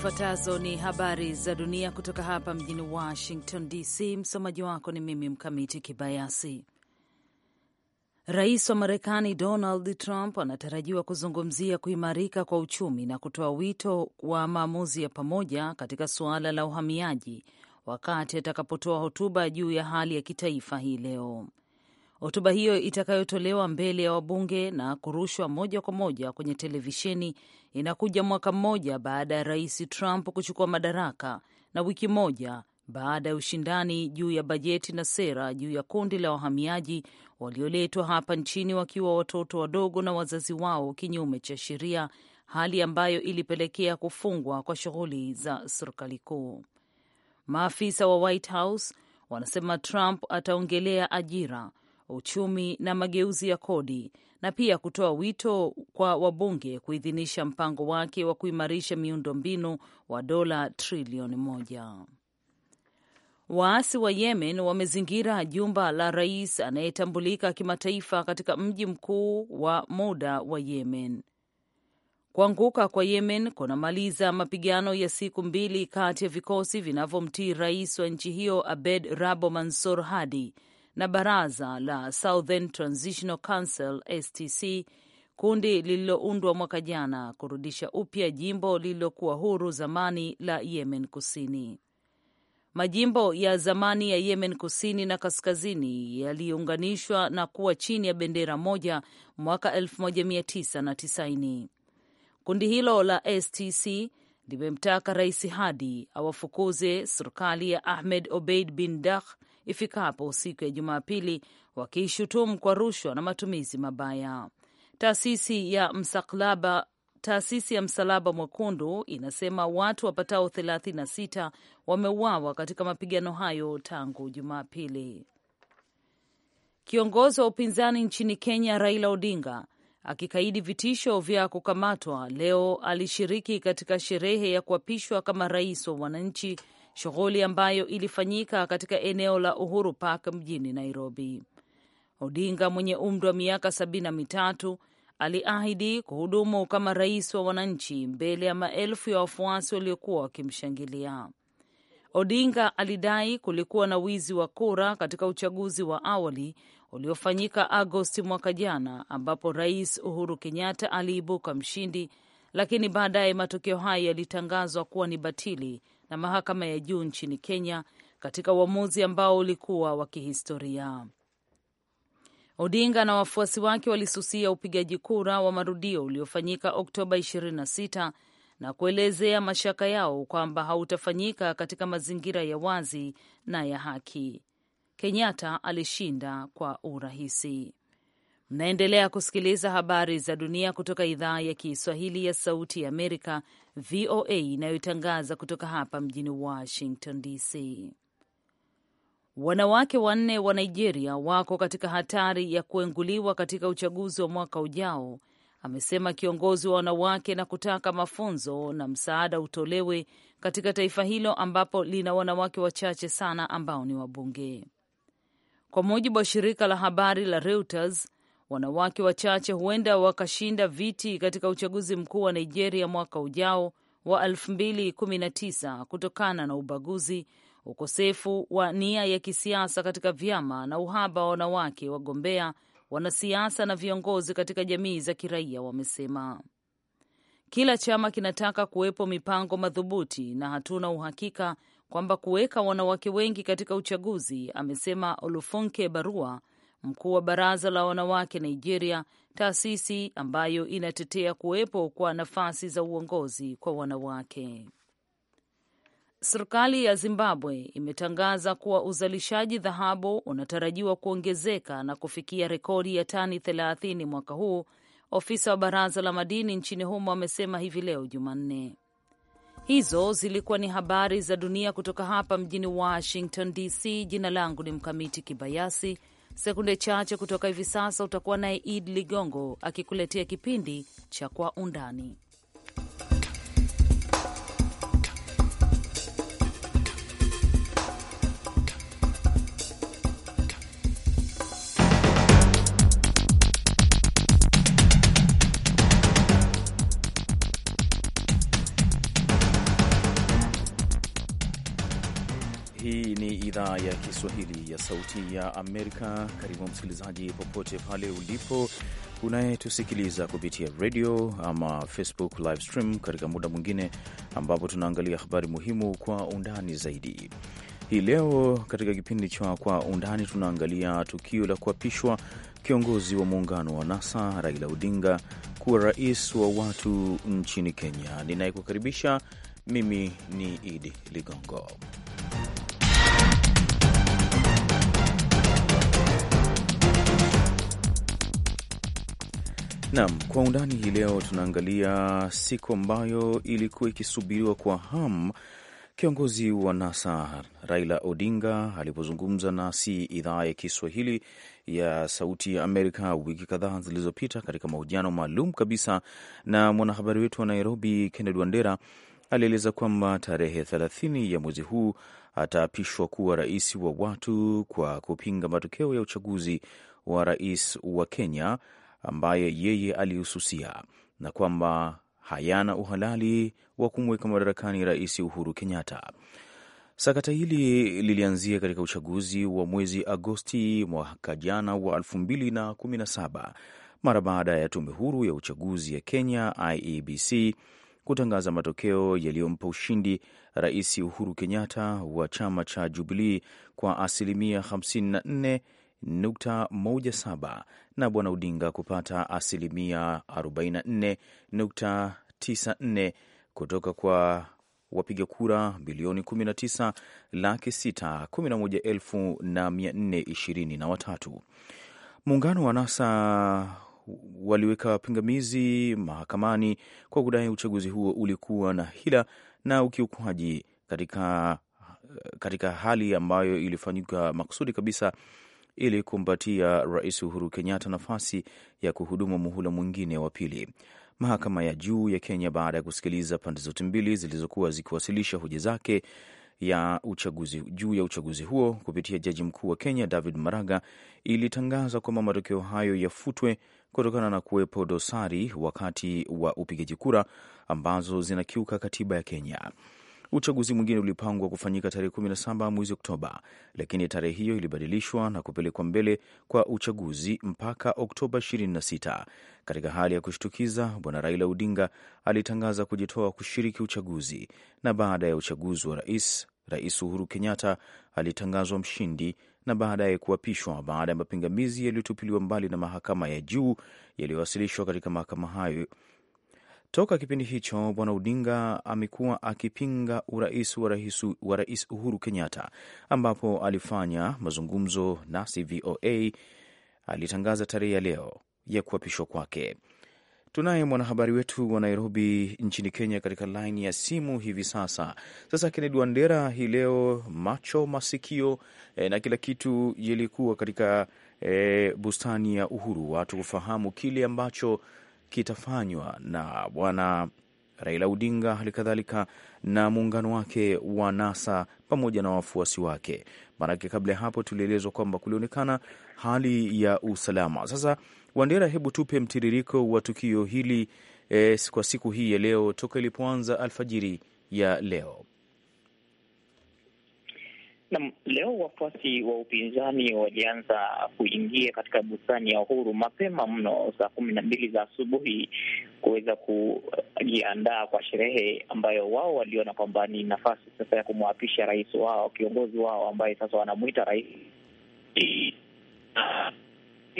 Zifuatazo ni habari za dunia kutoka hapa mjini Washington DC. Msomaji wako ni mimi Mkamiti Kibayasi. Rais wa Marekani Donald Trump anatarajiwa kuzungumzia kuimarika kwa uchumi na kutoa wito wa maamuzi ya pamoja katika suala la uhamiaji wakati atakapotoa hotuba juu ya hali ya kitaifa hii leo. Hotuba hiyo itakayotolewa mbele ya wabunge na kurushwa moja kwa moja kwenye televisheni inakuja mwaka mmoja baada ya rais Trump kuchukua madaraka na wiki moja baada ya ushindani juu ya bajeti na sera juu ya kundi la wahamiaji walioletwa hapa nchini wakiwa watoto wadogo na wazazi wao kinyume cha sheria, hali ambayo ilipelekea kufungwa kwa shughuli za serikali kuu. Maafisa wa White House wanasema Trump ataongelea ajira, uchumi na mageuzi ya kodi na pia kutoa wito kwa wabunge kuidhinisha mpango wake wa kuimarisha miundombinu wa dola trilioni moja. Waasi wa Yemen wamezingira jumba la rais anayetambulika kimataifa katika mji mkuu wa muda wa Yemen. Kuanguka kwa Yemen kunamaliza mapigano ya siku mbili kati ya vikosi vinavyomtii rais wa nchi hiyo Abed Rabo Mansur Hadi na baraza la Southern Transitional Council STC, kundi lililoundwa mwaka jana kurudisha upya jimbo lililokuwa huru zamani la Yemen Kusini. Majimbo ya zamani ya Yemen Kusini na Kaskazini yaliunganishwa na kuwa chini ya bendera moja mwaka 1990. Kundi hilo la STC limemtaka Rais Hadi awafukuze serikali ya Ahmed Obeid bin Dah ifikapo siku ya Jumapili, wakiishutumu kwa rushwa na matumizi mabaya. Taasisi ya Msalaba Taasisi ya Msalaba Mwekundu inasema watu wapatao 36 wameuawa katika mapigano hayo tangu Jumapili. Kiongozi wa upinzani nchini Kenya Raila Odinga akikaidi vitisho vya kukamatwa, leo alishiriki katika sherehe ya kuapishwa kama rais wa wananchi shughuli ambayo ilifanyika katika eneo la Uhuru Park mjini Nairobi. Odinga mwenye umri wa miaka sabini na mitatu aliahidi kuhudumu kama rais wa wananchi mbele ya maelfu ya wafuasi waliokuwa wakimshangilia. Odinga alidai kulikuwa na wizi wa kura katika uchaguzi wa awali uliofanyika Agosti mwaka jana, ambapo Rais Uhuru Kenyatta aliibuka mshindi, lakini baadaye matokeo hayo yalitangazwa kuwa ni batili na mahakama ya juu nchini Kenya katika uamuzi ambao ulikuwa wa kihistoria. Odinga na wafuasi wake walisusia upigaji kura wa marudio uliofanyika Oktoba 26 na kuelezea mashaka yao kwamba hautafanyika katika mazingira ya wazi na ya haki. Kenyatta alishinda kwa urahisi. Mnaendelea kusikiliza habari za dunia kutoka idhaa ya Kiswahili ya Sauti ya Amerika, VOA, inayotangaza kutoka hapa mjini Washington DC. Wanawake wanne wa Nigeria wako katika hatari ya kuenguliwa katika uchaguzi wa mwaka ujao, amesema kiongozi wa wanawake na kutaka mafunzo na msaada utolewe katika taifa hilo ambapo lina wanawake wachache sana ambao ni wabunge. Kwa mujibu wa shirika la habari la Reuters, wanawake wachache huenda wakashinda viti katika uchaguzi mkuu wa Nigeria mwaka ujao wa 2019 kutokana na ubaguzi, ukosefu wa nia ya kisiasa katika vyama na uhaba wa wanawake wagombea, wanasiasa na viongozi katika jamii za kiraia wamesema. Kila chama kinataka kuwepo mipango madhubuti na hatuna uhakika kwamba kuweka wanawake wengi katika uchaguzi, amesema Olufunke Barua, mkuu wa baraza la wanawake Nigeria, taasisi ambayo inatetea kuwepo kwa nafasi za uongozi kwa wanawake. Serikali ya Zimbabwe imetangaza kuwa uzalishaji dhahabu unatarajiwa kuongezeka na kufikia rekodi ya tani 30 mwaka huu, ofisa wa baraza la madini nchini humo amesema hivi leo Jumanne. Hizo zilikuwa ni habari za dunia kutoka hapa mjini Washington DC. Jina langu ni Mkamiti Kibayasi. Sekunde chache kutoka hivi sasa utakuwa naye Id Ligongo akikuletea kipindi cha Kwa Undani. ya Kiswahili ya Sauti ya Amerika. Karibu msikilizaji, popote pale ulipo unayetusikiliza kupitia redio ama Facebook live stream, katika muda mwingine ambapo tunaangalia habari muhimu kwa undani zaidi. Hii leo katika kipindi cha Kwa Undani tunaangalia tukio la kuapishwa kiongozi wa muungano wa NASA Raila Odinga kuwa rais wa watu nchini Kenya. Ninayekukaribisha mimi ni Idi Ligongo. Naam, kwa undani hii leo tunaangalia siku ambayo ilikuwa ikisubiriwa kwa ham Kiongozi wa NASA Raila Odinga alipozungumza nasi idhaa ya Kiswahili ya Sauti ya Amerika wiki kadhaa zilizopita, katika mahojiano maalum kabisa na mwanahabari wetu wa Nairobi Kennedy Wandera, alieleza kwamba tarehe 30 ya mwezi huu ataapishwa kuwa rais wa watu kwa kupinga matokeo ya uchaguzi wa rais wa Kenya ambaye yeye alihususia na kwamba hayana uhalali wa kumweka madarakani Rais Uhuru Kenyatta. Sakata hili lilianzia katika uchaguzi wa mwezi Agosti mwaka jana wa 2017 mara baada ya tume huru ya uchaguzi ya Kenya IEBC kutangaza matokeo yaliyompa ushindi Rais Uhuru Kenyatta wa chama cha Jubilii kwa asilimia 54 47 na Bwana Odinga kupata asilimia 44.94 kutoka kwa wapiga kura bilioni 19 laki 6 11 na Muungano wa NASA waliweka pingamizi mahakamani kwa kudai uchaguzi huo ulikuwa na hila na ukiukwaji katika, katika hali ambayo ilifanyika makusudi kabisa ili kumpatia Rais Uhuru Kenyatta nafasi ya kuhudumu muhula mwingine wa pili. Mahakama ya juu ya Kenya, baada ya kusikiliza pande zote mbili zilizokuwa zikiwasilisha hoja zake ya uchaguzi juu ya uchaguzi huo kupitia jaji mkuu wa Kenya David Maraga, ilitangaza kwamba matokeo hayo yafutwe kutokana na kuwepo dosari wakati wa upigaji kura ambazo zinakiuka katiba ya Kenya. Uchaguzi mwingine ulipangwa kufanyika tarehe 17 mwezi Oktoba, lakini tarehe hiyo ilibadilishwa na kupelekwa mbele kwa uchaguzi mpaka Oktoba 26. Katika hali ya kushtukiza, Bwana Raila Odinga alitangaza kujitoa kushiriki uchaguzi, na baada ya uchaguzi wa rais, Rais Uhuru Kenyatta alitangazwa mshindi na baadaye kuapishwa baada ya mapingamizi yaliyotupiliwa mbali na mahakama ya juu yaliyowasilishwa katika mahakama hayo Toka kipindi hicho Bwana Odinga amekuwa akipinga urais wa rais wa Rais Uhuru Kenyatta, ambapo alifanya mazungumzo nasi VOA. Alitangaza tarehe ya leo ya kuapishwa kwake. Tunaye mwanahabari wetu wa Nairobi nchini Kenya katika laini ya simu hivi sasa. Sasa Kennedy Wandera, hii leo macho, masikio eh, na kila kitu yalikuwa katika eh, bustani ya Uhuru, watu kufahamu kile ambacho kitafanywa na bwana Raila Odinga, hali kadhalika na muungano wake wa NASA pamoja na wafuasi wake. Maanake kabla ya hapo tulielezwa kwamba kulionekana hali ya usalama. Sasa Wandera, hebu tupe mtiririko wa tukio hili eh, kwa siku hii ya leo toka ilipoanza alfajiri ya leo. Nam, leo wafuasi wa upinzani walianza kuingia katika bustani ya Uhuru mapema mno saa kumi na mbili za asubuhi kuweza kujiandaa kwa sherehe ambayo wao waliona kwamba ni nafasi sasa ya kumwapisha rais wao, kiongozi wao ambaye sasa wanamwita rais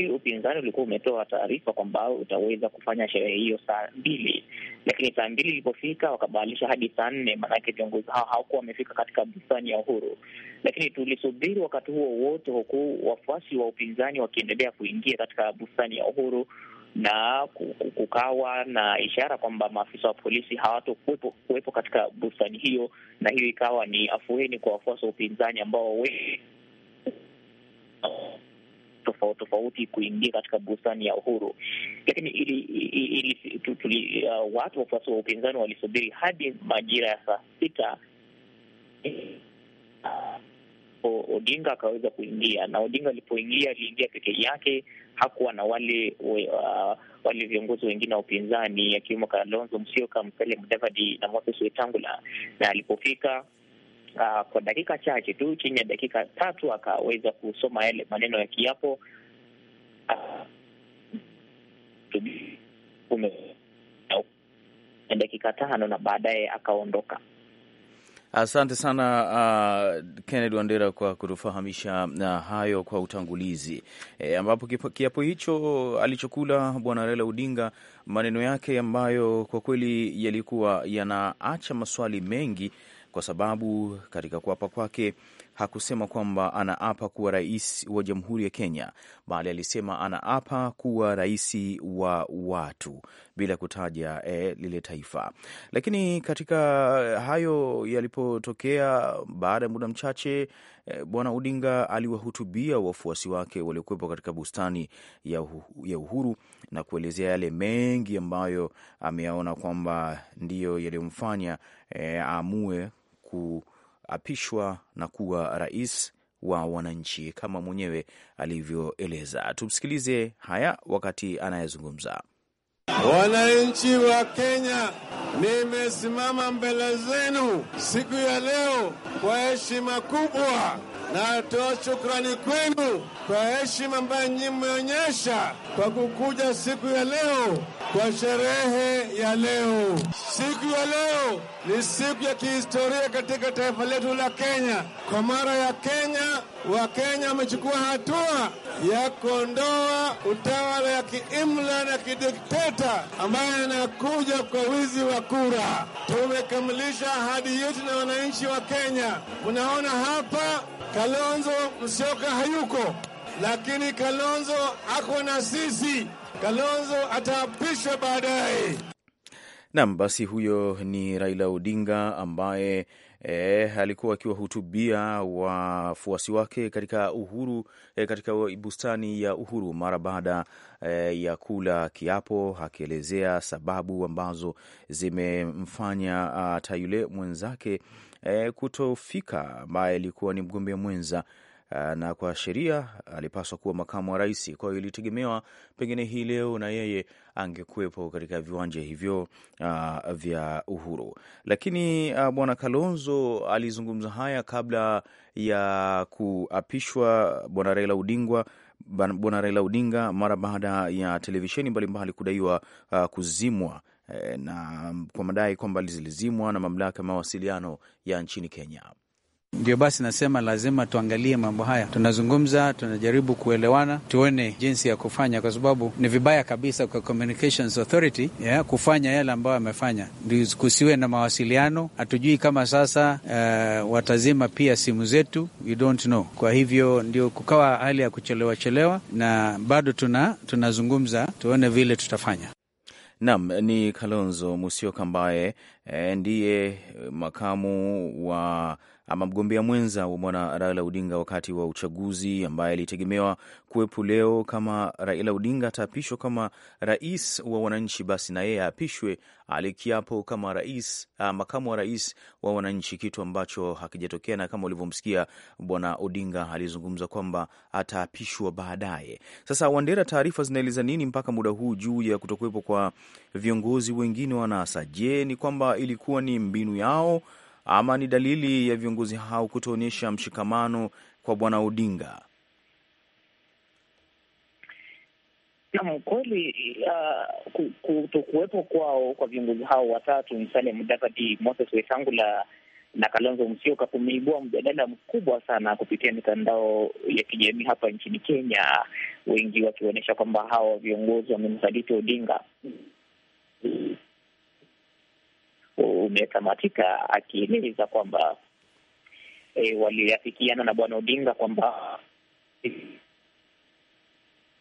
wakati upinzani ulikuwa umetoa taarifa kwamba utaweza kufanya sherehe hiyo saa mbili, lakini saa mbili ilipofika wakabadilisha hadi saa nne, maanake viongozi hao hawakuwa wamefika katika bustani ya Uhuru. Lakini tulisubiri wakati huo wote, huku wafuasi wa upinzani wakiendelea kuingia katika bustani ya Uhuru na kukawa na ishara kwamba maafisa wa polisi hawatokuwepo kuwepo katika bustani hiyo, na hiyo ikawa ni afueni kwa wafuasi wa upinzani ambao wengi tofauti tofauti kuingia katika bustani ya Uhuru, lakini ili, ili, tuli, uh, watu wafuasi wa upinzani walisubiri hadi majira ya saa sita uh, Odinga akaweza kuingia, na Odinga alipoingia aliingia peke yake, hakuwa na wale uh, wale viongozi wengine wa upinzani akiwemo Kalonzo Musyoka, Musalia Mudavadi na Moses Wetangula, na alipofika uh, kwa dakika chache tu, chini ya dakika tatu, akaweza kusoma yale maneno ya kiapo uh, dakika tano na baadaye akaondoka. Asante sana uh, Kennedy Wandera kwa kutufahamisha uh, hayo kwa utangulizi e, ambapo kiapo hicho alichokula Bwana Raila Odinga, maneno yake ambayo kwa kweli yalikuwa yanaacha maswali mengi kwa sababu katika kuapa kwake hakusema kwamba anaapa kuwa rais wa jamhuri ya Kenya, bali alisema anaapa kuwa rais wa watu bila kutaja e, lile taifa. Lakini katika hayo yalipotokea, baada ya muda mchache e, bwana Odinga aliwahutubia wafuasi wake waliokuwepo katika bustani ya, uhu, ya Uhuru na kuelezea yale mengi ambayo ameyaona kwamba ndiyo yaliyomfanya e, aamue kuapishwa na kuwa rais wa wananchi kama mwenyewe alivyoeleza. Tumsikilize haya wakati anayezungumza. Wananchi wa Kenya, nimesimama mbele zenu siku ya leo kwa heshima kubwa natoa shukrani kwenu kwa heshima ambayo nyinyi mmeonyesha kwa kukuja siku ya leo kwa sherehe ya leo. Siku ya leo ni siku ya kihistoria katika taifa letu la Kenya. Kwa mara ya Kenya, Wakenya wamechukua hatua ya kuondoa utawala ya kiimla na kidikteta ambaye anakuja kwa wizi wa kura. Tumekamilisha ahadi yetu na wananchi wa Kenya. Unaona hapa, Kalonzo Musyoka hayuko, lakini Kalonzo ako na sisi. Kalonzo ataapishwa baadaye. Naam, basi huyo ni Raila Odinga ambaye E, alikuwa akiwahutubia wafuasi wake katika Uhuru e, katika bustani ya Uhuru mara baada e, ya kula kiapo, akielezea sababu ambazo zimemfanya ah, hata yule mwenzake e, kutofika ambaye alikuwa ni mgombea mwenza Ah, na kwa sheria alipaswa kuwa makamu wa rais. Kwa hiyo ilitegemewa pengine hii leo na yeye angekuwepo katika viwanja hivyo uh, vya Uhuru. Lakini uh, bwana Kalonzo alizungumza haya kabla ya kuapishwa bwana Raila Odinga bwana Raila Odinga mara baada ya televisheni mbalimbali kudaiwa uh, kuzimwa eh, na kwa madai kwamba zilizimwa na mamlaka ya mawasiliano ya nchini Kenya. Ndio basi nasema lazima tuangalie mambo haya, tunazungumza, tunajaribu kuelewana, tuone jinsi ya kufanya, kwa sababu ni vibaya kabisa kwa Communications Authority yeah, kufanya yale ambayo amefanya. Kusiwe na mawasiliano, hatujui kama sasa uh, watazima pia simu zetu, you don't know. Kwa hivyo ndio kukawa hali ya kuchelewa chelewa, na bado tuna tunazungumza, tuone vile tutafanya. Nam ni Kalonzo Musyoka ambaye eh, ndiye makamu wa ama mgombea mwenza wa bwana Raila Odinga wakati wa uchaguzi, ambaye alitegemewa kuwepo leo. Kama Raila Odinga ataapishwa kama rais wa wananchi, basi na yeye aapishwe alikiapo kama rais, ah, makamu wa rais wa wananchi, kitu ambacho hakijatokea. Na kama ulivyomsikia bwana Odinga alizungumza kwamba ataapishwa baadaye. Sasa Wandera, taarifa zinaeleza nini mpaka muda huu juu ya kutokuwepo kwa viongozi wengine wa NASA? Je, ni kwamba ilikuwa ni mbinu yao ama ni dalili ya viongozi hao kutoonyesha mshikamano kwa bwana Odinga? Nam kweli, uh, kutokuwepo kwao kwa viongozi hao watatu Musalia Mudavadi, Moses Wetangula na Kalonzo Musyoka kumeibua mjadala mkubwa sana kupitia mitandao ya kijamii hapa nchini Kenya, wengi wakionyesha kwamba hawa viongozi wamemsaliti Odinga umetamatika akieleza kwamba e, waliafikiana na bwana Odinga kwamba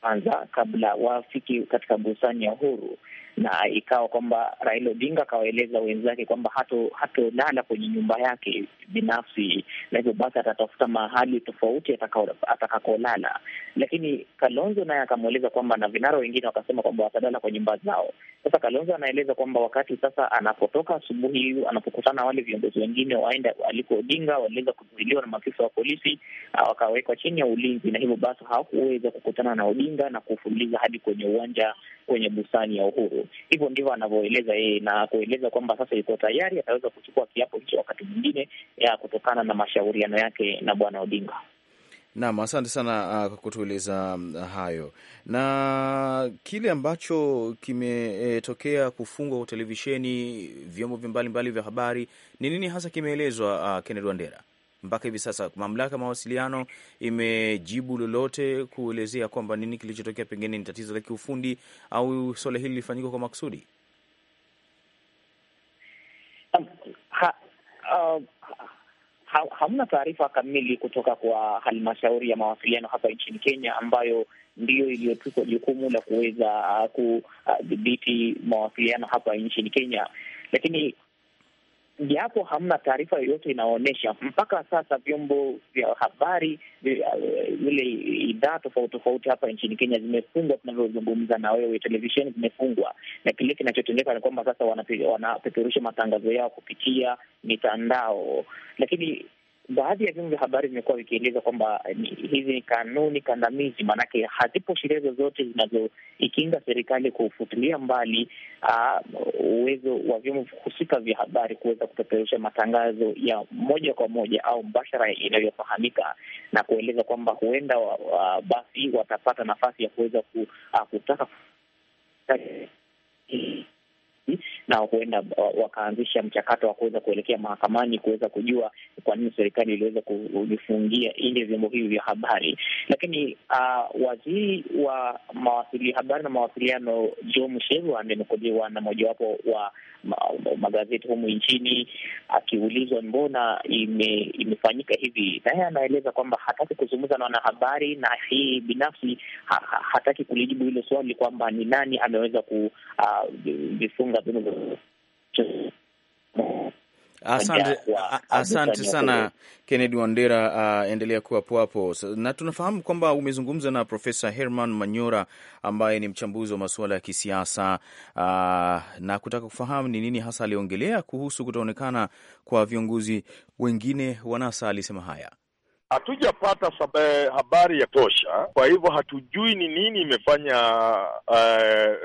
kwanza kabla wafiki katika busani ya Uhuru na ikawa kwamba Raila Odinga akawaeleza wenzake kwamba hatolala kwenye nyumba yake binafsi, na hivyo basi atatafuta mahali tofauti atakakolala. Lakini Kalonzo naye akamweleza kwamba, na vinara wengine wakasema kwamba watalala kwa nyumba zao. Sasa Kalonzo anaeleza kwamba wakati sasa anapotoka asubuhi, anapokutana wale viongozi wengine waenda aliko Odinga, waliweza kuzuiliwa na maafisa wa polisi, ah, wakawekwa chini ya ulinzi, na hivyo basi hawakuweza kukutana na Odinga na kufuliza hadi kwenye uwanja kwenye bustani ya Uhuru. Hivyo ndivyo anavyoeleza yeye na kueleza kwamba sasa yuko tayari, ataweza kuchukua kiapo hicho wakati mwingine ya kutokana na mashauriano yake na bwana Odinga. Naam, asante sana uh, kwa uh, kutueleza um, hayo na kile ambacho kimetokea e, kufungwa kwa televisheni, vyombo mbalimbali vya habari. Ni nini hasa kimeelezwa, uh, Kennedy Wandera? mpaka hivi sasa mamlaka ya mawasiliano imejibu lolote kuelezea kwamba nini kilichotokea, pengine ni tatizo la kiufundi au swala hili lilifanyika kwa makusudi? Um, ha, uh, ha, hamna taarifa kamili kutoka kwa halmashauri ya mawasiliano hapa nchini Kenya ambayo ndiyo iliyotukwa jukumu la kuweza uh, kudhibiti uh, mawasiliano hapa nchini Kenya, lakini japo hamna taarifa yoyote inaonyesha mpaka sasa. Vyombo vya habari vile eh, idhaa tofauti tofauti hapa nchini Kenya zimefungwa tunavyozungumza na wewe, televisheni zimefungwa, na kile kinachotendeka ni kwamba sasa wanapeperusha matangazo yao kupitia mitandao, lakini baadhi ya vyombo vya habari vimekuwa vikieleza kwamba hizi ni kanuni kandamizi, maanake hazipo sheria zozote zinazoikinga serikali kufutilia mbali uh, uwezo wa vyombo husika vya habari kuweza kupeperusha matangazo ya moja kwa moja au mbashara inayofahamika, na kueleza kwamba huenda wa, wa, basi watapata nafasi ya kuweza ku, uh, kutaka polisi, na huenda uh, wakaanzisha mchakato wa kuweza kuelekea mahakamani kuweza kujua kwa nini serikali iliweza kuvifungia ile vyombo hivi vya habari. Lakini uh, waziri wa mawasili, habari na mawasiliano Jo Mucheru amenukuliwa na mojawapo wa magazeti humu nchini, akiulizwa mbona ime, imefanyika hivi, na anaeleza kwamba hataki kuzungumza na wanahabari, na hii binafsi ha, ha, hataki kulijibu hilo swali kwamba ni nani ameweza kuvifunga ah, uh, Asante, asante sana Kennedy Wandera. Uh, endelea kuwapo hapo, na tunafahamu kwamba umezungumza na Profesa Herman Manyora ambaye ni mchambuzi wa masuala ya kisiasa uh, na kutaka kufahamu ni nini hasa aliongelea kuhusu kutaonekana kwa viongozi wengine wa NASA. Alisema haya hatujapata habari ya tosha, kwa hivyo hatujui ni nini imefanya eh,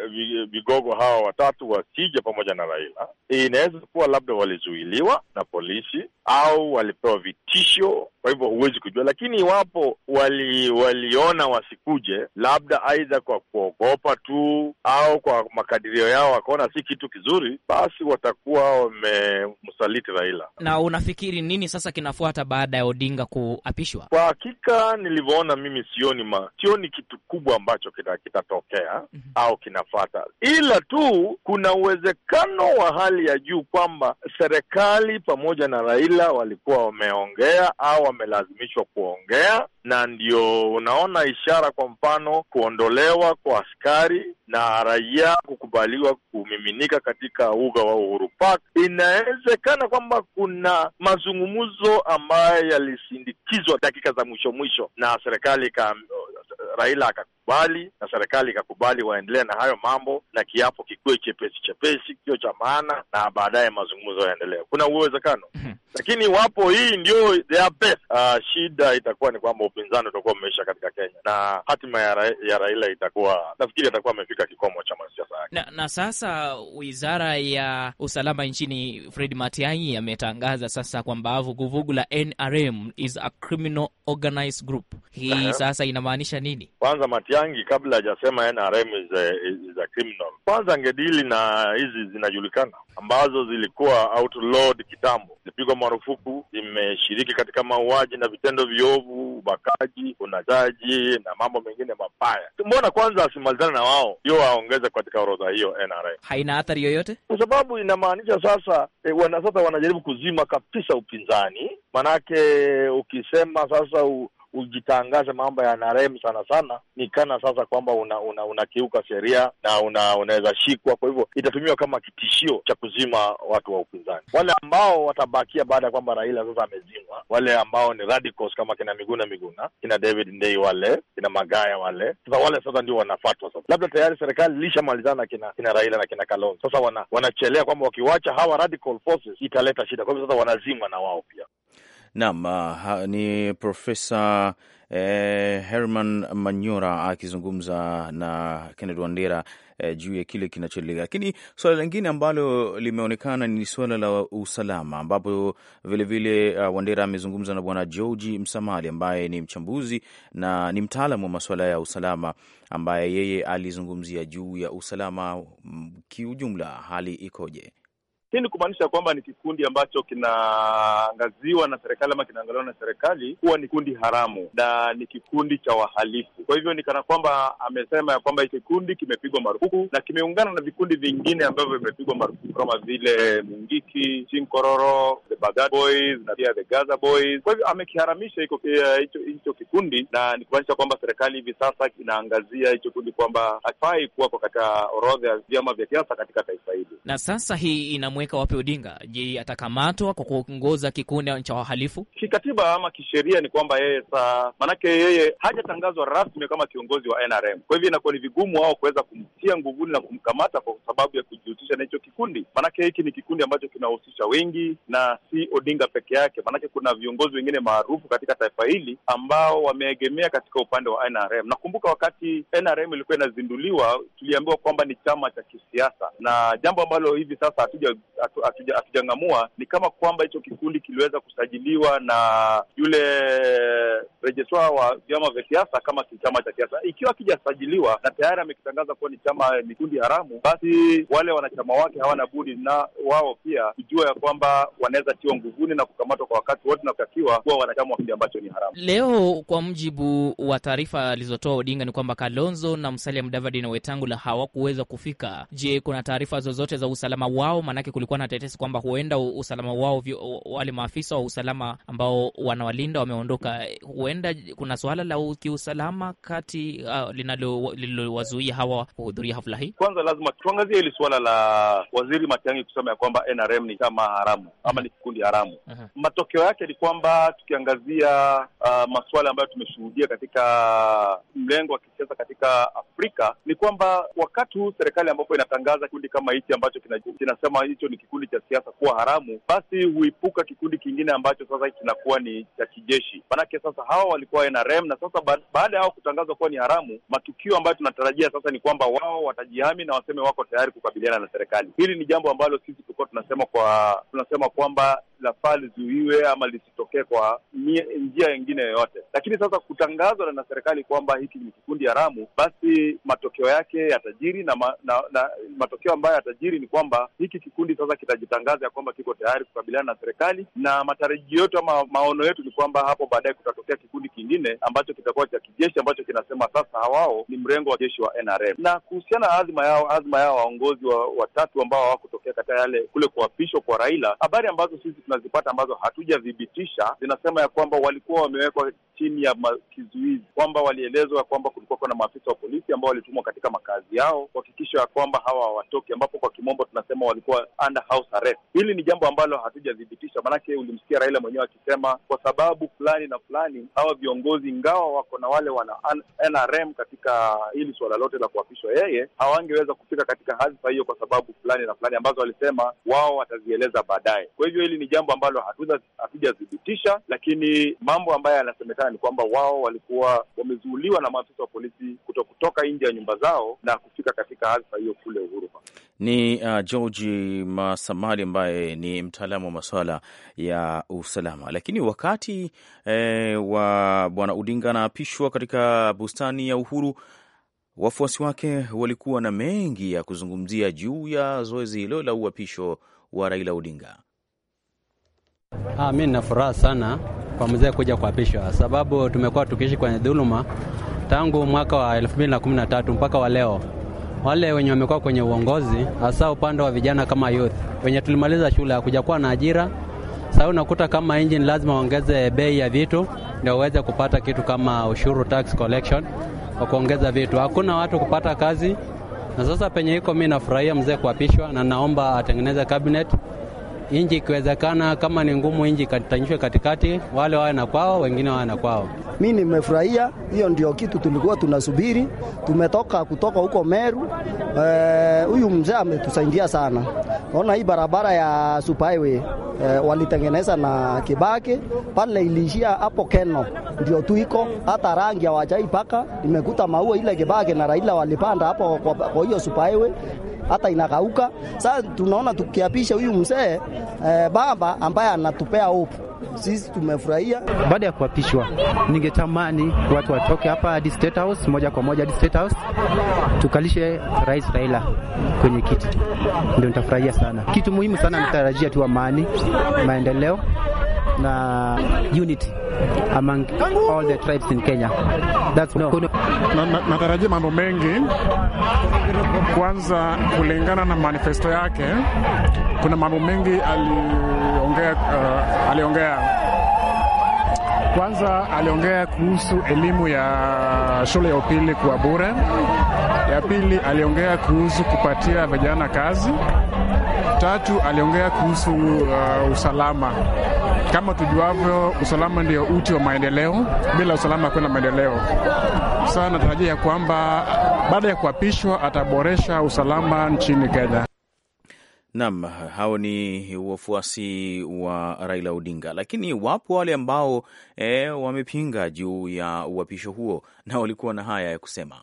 vigogo uh, hawa watatu wasije pamoja na Raila. Inaweza kuwa labda walizuiliwa na polisi au walipewa vitisho, kwa hivyo huwezi kujua, lakini iwapo wali, waliona wasikuje, labda aidha kwa kuogopa tu au kwa makadirio yao wakaona si kitu kizuri, basi watakuwa wame kumsaliti Raila. Na unafikiri nini sasa kinafuata baada ya Odinga kuapishwa? Kwa hakika nilivyoona mimi sioni ma, sioni kitu kubwa ambacho kitatokea kita mm -hmm. au kinafuata, ila tu kuna uwezekano wa hali ya juu kwamba serikali pamoja na Raila walikuwa wameongea au wamelazimishwa kuongea na ndio unaona ishara, kwa mfano kuondolewa kwa askari na raia kukubaliwa kumiminika katika uga wa Uhuru Park. Inawezekana kwamba kuna mazungumzo ambayo yalisindikizwa dakika za mwisho mwisho na serikali ka Raila ikakubali na serikali ikakubali waendelee na hayo mambo, na kiapo kikuwe chepesi chepesi, kio cha maana, na baadaye mazungumzo yaendelee. Kuna uwezekano mhm. lakini wapo hii ndio their best. Uh, shida itakuwa ni kwamba upinzani utakuwa umeisha katika Kenya na hatima ya, ra ya Raila itakuwa, nafikiri atakuwa amefika kikomo cha masiasa yake na, na sasa wizara ya usalama nchini Fred matiai ametangaza sasa kwamba vuguvugu la NRM is a criminal organized group hii uh -huh. Sasa inamaanisha nini? Kwanza Matiangi, kabla hajasema NRM is a, is a criminal, kwanza angedili na hizi zinajulikana ambazo zilikuwa outlawed kitambo, zilipigwa marufuku, zimeshiriki katika mauaji na vitendo viovu, ubakaji, unajaji na mambo mengine mabaya. Mbona kwanza asimalizane na wao, ndio waongeze katika orodha hiyo NRM? Haina athari yoyote, kwa sababu inamaanisha sasa e, wana sasa wanajaribu kuzima kabisa upinzani, manake ukisema sasa u ujitangaze mambo ya NRM sana sana, ni kana sasa kwamba unakiuka una, una sheria na una, unaweza shikwa. Kwa hivyo itatumiwa kama kitishio cha kuzima watu wa upinzani, wale ambao watabakia baada ya kwamba Raila sasa amezimwa, wale ambao ni radicals kama kina Miguna Miguna, kina David Ndei wale, kina Magaya wale, sasa wale sasa ndio wanafatwa sasa. Labda tayari serikali ilishamalizana na kina, kina Raila na kina Kalonzo, sasa wanachelea kwamba wakiwacha hawa radical forces italeta shida. Kwa hivyo sasa wanazimwa na wao pia. Naam, ah, ni Profesa eh, Herman Manyora akizungumza na Kennedy Wandera eh, juu ya kile kinachoendelea. Lakini suala lingine ambalo limeonekana ni suala la usalama, ambapo vilevile vile, uh, Wandera amezungumza na Bwana George Msamali ambaye ni mchambuzi na ni mtaalamu wa masuala ya usalama, ambaye yeye alizungumzia juu ya usalama mm, kiujumla, hali ikoje? Hii ni kumaanisha kwamba ni kikundi ambacho kinaangaziwa na serikali ama kinaangaliwa na serikali kuwa ni kundi haramu na ni kikundi cha wahalifu. Kwa hivyo ni kana kwamba amesema ya kwamba kikundi kimepigwa marufuku na kimeungana na vikundi vingine ambavyo vimepigwa marufuku kama vile Mungiki, Chinkororo, the Baghdad Boys na pia the Gaza Boys. Kwa hivyo amekiharamisha eh, hicho kikundi, na ni kumaanisha kwamba serikali hivi sasa inaangazia hicho kundi kwamba hafai kwa katika orodha ya vyama vya siasa katika taifa hili, na sasa hii inamwe kumweka Wape Odinga, je, atakamatwa kwa kuongoza kikundi cha wahalifu? Kikatiba ama kisheria ni kwamba yeye saa, maanake yeye hajatangazwa rasmi kama kiongozi wa NRM. Kwa hivyo inakuwa ni vigumu wao kuweza kumtia nguvuni na kumkamata kwa sababu ya kujihusisha na hicho kikundi, maanake hiki ni kikundi ambacho kinahusisha wengi na si Odinga peke yake, maanake kuna viongozi wengine maarufu katika taifa hili ambao wameegemea katika upande wa NRM. Nakumbuka wakati NRM ilikuwa inazinduliwa, tuliambiwa kwamba ni chama cha kisiasa na jambo ambalo hivi sasa hatuja hatujang'amua atu, ni kama kwamba hicho kikundi kiliweza kusajiliwa na yule rejeswa wa vyama vya siasa kama chama cha siasa. Ikiwa akijasajiliwa na tayari amekitangaza kuwa ni chama ni kundi haramu, basi wale wanachama wake hawana budi na wao pia kujua ya kwamba wanaweza tiwa nguvuni na kukamatwa kwa wakati wote na kutakiwa kuwa wanachama wa kikundi ambacho ni haramu. Leo kwa mjibu wa taarifa alizotoa Odinga ni kwamba Kalonzo na Musalia Mudavadi na Wetangula hawakuweza kufika. Je, kuna taarifa zozote za usalama wao? Maanake kulikuwa kumekuwa na tetesi kwamba huenda usalama wao, wale maafisa wa usalama ambao wanawalinda wameondoka, huenda kuna suala la kiusalama kati uh, linalowazuia hawa kuhudhuria hafla hii. Kwanza lazima tuangazie hili suala la waziri Matiang'i kusema ya kwamba NRM ni chama haramu mhm. ama ni kikundi haramu. Aha. Mhm. Matokeo yake ni kwamba tukiangazia uh, masuala ambayo tumeshuhudia katika mlengo wa kisiasa katika Afrika ni kwamba wakati huu serikali ambapo inatangaza kikundi kama hichi ambacho kinasema hicho ni kikundi cha siasa kuwa haramu, basi huipuka kikundi kingine ambacho sasa kinakuwa ni cha kijeshi. Manake sasa hawa walikuwa NRM na sasa baada ya hao kutangazwa kuwa ni haramu, matukio ambayo tunatarajia sasa ni kwamba wao watajihami na waseme wako tayari kukabiliana na serikali. Hili ni jambo ambalo sisi tulikuwa tunasema kwa tunasema kwamba lafaa lizuiwe ama lisitokee kwa njia yingine yoyote. Lakini sasa kutangazwa na serikali kwamba hiki ni kikundi haramu, basi matokeo yake yatajiri na, ma, na, na matokeo ambayo yatajiri ni kwamba hiki kikundi sasa kitajitangaza ya kwamba kiko tayari kukabiliana na serikali, na matarajio yetu ama maono yetu ni kwamba hapo baadaye kutatokea kikundi kingine ambacho kitakuwa cha kijeshi ambacho kinasema sasa hawao ni mrengo wa jeshi wa NRM. Na kuhusiana na azma yao, azma yao waongozi watatu wa ambao hawakutokea katika yale kule kuapishwa kwa Raila, habari ambazo sisi tunazipata ambazo hatujathibitisha zinasema ya kwamba walikuwa wamewekwa chini ya kizuizi, kwamba walielezwa kwamba kulikuwa kuna maafisa wa polisi ambao walitumwa katika makazi yao kuhakikisha ya kwamba hawa hawatoki, ambapo kwa kimombo tunasema walikuwa under house arrest. Hili ni jambo ambalo hatujathibitisha, maanake ulimsikia Raila mwenyewe akisema kwa sababu fulani na fulani hawa viongozi ingawa wako na wale wana NRM katika hili suala lote la kuapishwa, yeye hawangeweza kufika katika hadhifa hiyo kwa sababu fulani na fulani ambazo walisema wao watazieleza baadaye. Kwa hivyo hili ni jambo ambalo hatujathibitisha, lakini mambo ambayo yanasemekana kadhaa ni kwamba wao walikuwa wamezuuliwa na maafisa wa polisi kuto kutoka nje ya nyumba zao na kufika katika hadhfa hiyo kule Uhuru. Ni uh, George Masamali ambaye ni mtaalamu wa masuala ya usalama. Lakini wakati eh, wa bwana Odinga anaapishwa katika bustani ya Uhuru, wafuasi wake walikuwa na mengi ya kuzungumzia juu ya zoezi hilo la uapisho wa Raila Odinga. Ah, mi nina furaha sana kwa mzee kuja kuapishwa, sababu tumekuwa tukiishi kwenye dhuluma tangu mwaka wa 2013 mpaka wa leo. Wale wenye wamekuwa kwenye uongozi, hasa upande wa vijana kama youth wenye tulimaliza shule, kuwa na ajira. Sasa unakuta kama engine lazima waongeze bei ya vitu ndio uweze kupata kitu kama ushuru tax collection kwa kuongeza vitu, hakuna watu kupata kazi. Na sasa penye iko, mi nafurahia mzee kuapishwa, na naomba atengeneze cabinet inji ikiwezekana, kama ni ngumu inji ikatanishwe katikati, wale wawe na kwao, wengine wawe na kwao. Mi nimefurahia hiyo, ndio kitu tulikuwa tunasubiri. Tumetoka kutoka huko Meru. Eh, huyu e, mzee ametusaidia sana. Ona hii barabara ya super e, eh, walitengeneza na Kibaki pale, iliishia hapo Keno ndio tu iko hata rangi ya wajai paka imekuta maua ile Kibaki na Raila walipanda hapo kwa hiyo super hata inakauka. Sasa tunaona tukiapisha huyu mzee eh, baba ambaye anatupea hope sisi tumefurahia. Baada ya kuapishwa, ningetamani watu watoke hapa hadi State House moja kwa moja hadi State House tukalishe Rais Raila kwenye kiti, ndio nitafurahia sana. Kitu muhimu sana, natarajia tu amani, maendeleo na unity among all the tribes in Kenya. That's no. Natarajia mambo mengi. Kwanza, kulingana na manifesto yake, kuna mambo mengi aliongea, uh, aliongea kwanza aliongea kuhusu elimu ya shule ya upili kuwa bure. Ya pili aliongea kuhusu kupatia vijana kazi. Tatu, aliongea kuhusu uh, usalama. Kama tujuavyo, usalama ndio uti wa maendeleo. Bila usalama hakuna maendeleo. Sasa natarajia ya kwamba uh, baada ya kuapishwa ataboresha usalama nchini Kenya. Naam, hao ni wafuasi wa Raila Odinga, lakini wapo wale ambao e, wamepinga juu ya uapisho huo na walikuwa na haya ya kusema.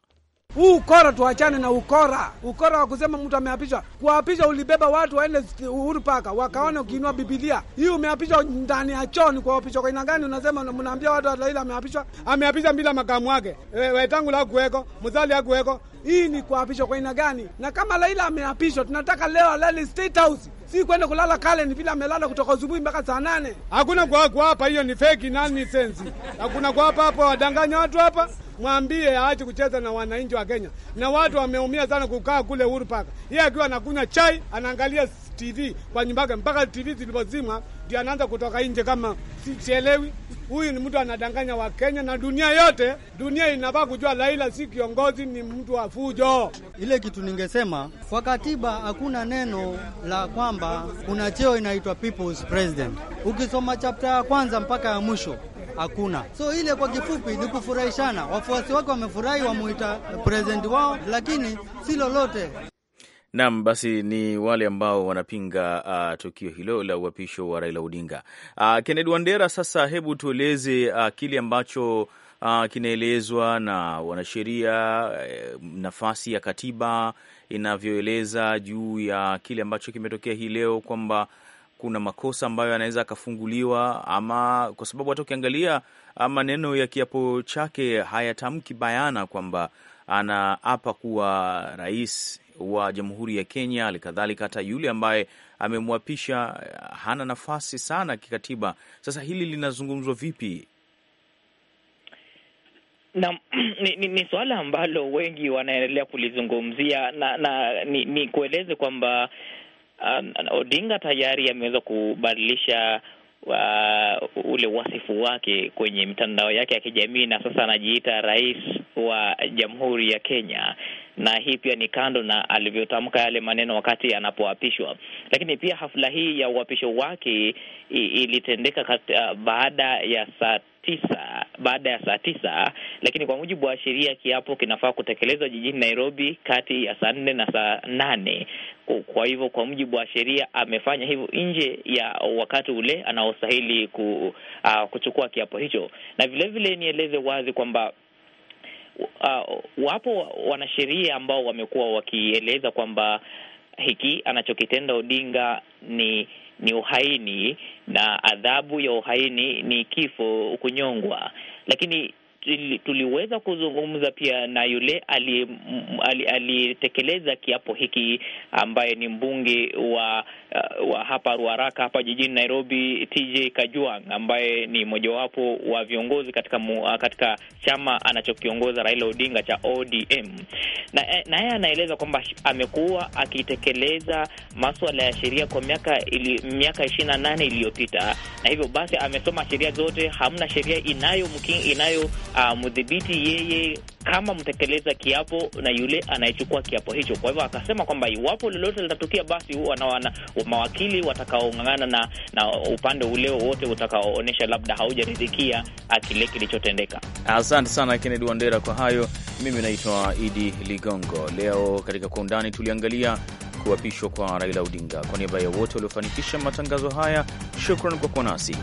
Huu ukora tuachane na ukora. Ukora wa kusema mtu ameapishwa, Kuapishwa ulibeba watu waende Uhuru paka wakaona ukiinua Bibilia hii. Umeapishwa ndani ya choo, ni kuapishwa kwa aina gani? Unasema mnaambia watu Raila ameapishwa, ameapishwa bila makamu wake, Wetangula hakuweko, Mudhali hakuweko. Hii ni kuapishwa kwa aina gani? Na kama Raila ameapishwa, tunataka leo alale State House, si kwenda kulala kale, ni vile amelala kutoka asubuhi mpaka saa nane. Hakuna kwa hapa, hiyo ni feki nani sensi. Hakuna kwa hapa, hapo wadanganya watu hapa mwambie aache kucheza na wananchi wa Kenya, na watu wameumia sana kukaa kule Uhuru Park. Yeye akiwa anakunywa chai anaangalia TV kwa yake, mpaka TV zilipozimwa ndio anaanza kutoka nje. Kama sielewi, huyu ni mtu anadanganya wa kenya na dunia yote. Dunia inafaa kujua Raila si kiongozi, ni mtu wa fujo. Ile kitu ningesema kwa katiba hakuna neno la kwamba kuna cheo inaitwa people's president. Ukisoma chapta ya kwanza mpaka ya mwisho hakuna. So ile kwa kifupi ni kufurahishana. Wafuasi wake wamefurahi, wamuita prezidenti wao, lakini si lolote. Naam, basi ni wale ambao wanapinga uh, tukio hilo la uhapisho wa Raila Odinga. Uh, Kennedy Wandera, sasa hebu tueleze uh, kile ambacho uh, kinaelezwa na wanasheria uh, nafasi ya katiba inavyoeleza juu ya kile ambacho kimetokea hii leo kwamba kuna makosa ambayo anaweza akafunguliwa, ama kwa sababu hata ukiangalia ah, maneno ya kiapo chake hayatamki bayana kwamba anaapa kuwa rais wa Jamhuri ya Kenya. Halikadhalika hata yule ambaye amemwapisha ah, hana nafasi sana kikatiba. Sasa hili linazungumzwa vipi? Na, ni, ni, ni suala ambalo wengi wanaendelea kulizungumzia na, na ni, ni kueleze kwamba um, Odinga tayari ameweza kubadilisha uh, ule wasifu wake kwenye mitandao yake ya kijamii na sasa anajiita rais wa Jamhuri ya Kenya na hii pia ni kando na alivyotamka yale maneno wakati anapoapishwa. Lakini pia hafla hii ya uapisho wake ilitendeka kat, uh, baada ya saa tisa baada ya saa tisa, lakini kwa mujibu wa sheria kiapo kinafaa kutekelezwa jijini Nairobi kati ya saa nne na saa nane. Kwa hivyo kwa mujibu wa sheria amefanya hivyo nje ya wakati ule anaostahili ku, uh, kuchukua kiapo hicho, na vilevile nieleze wazi kwamba uh, wapo wanasheria ambao wamekuwa wakieleza kwamba hiki anachokitenda Odinga ni ni uhaini na adhabu ya uhaini ni kifo, kunyongwa. Lakini tuli, tuliweza kuzungumza pia na yule aliyetekeleza kiapo hiki ambaye ni mbunge wa, uh, wa hapa Ruaraka hapa jijini Nairobi, TJ Kajwang ambaye ni mojawapo wa viongozi katika mu, uh, katika chama anachokiongoza Raila Odinga cha ODM, na eh, naye anaeleza kwamba amekuwa akitekeleza maswala ya sheria kwa miaka ili, miaka ishirini na nane iliyopita, na hivyo basi amesoma sheria zote, hamna sheria inayo inayo uh, ah, mdhibiti yeye kama mtekeleza kiapo na yule anayechukua kiapo hicho. Kwa hivyo akasema kwamba iwapo lolote litatokea, basi wana mawakili watakaong'ang'ana na, na upande ule wowote utakaoonyesha labda haujaridhikia kile kilichotendeka. Asante sana Kennedy Wandera kwa hayo. Mimi naitwa Idi Ligongo. Leo katika Kwa Undani tuliangalia kuapishwa kwa Raila Odinga. Kwa niaba ya wote waliofanikisha matangazo haya, shukran kwa kuwa nasi.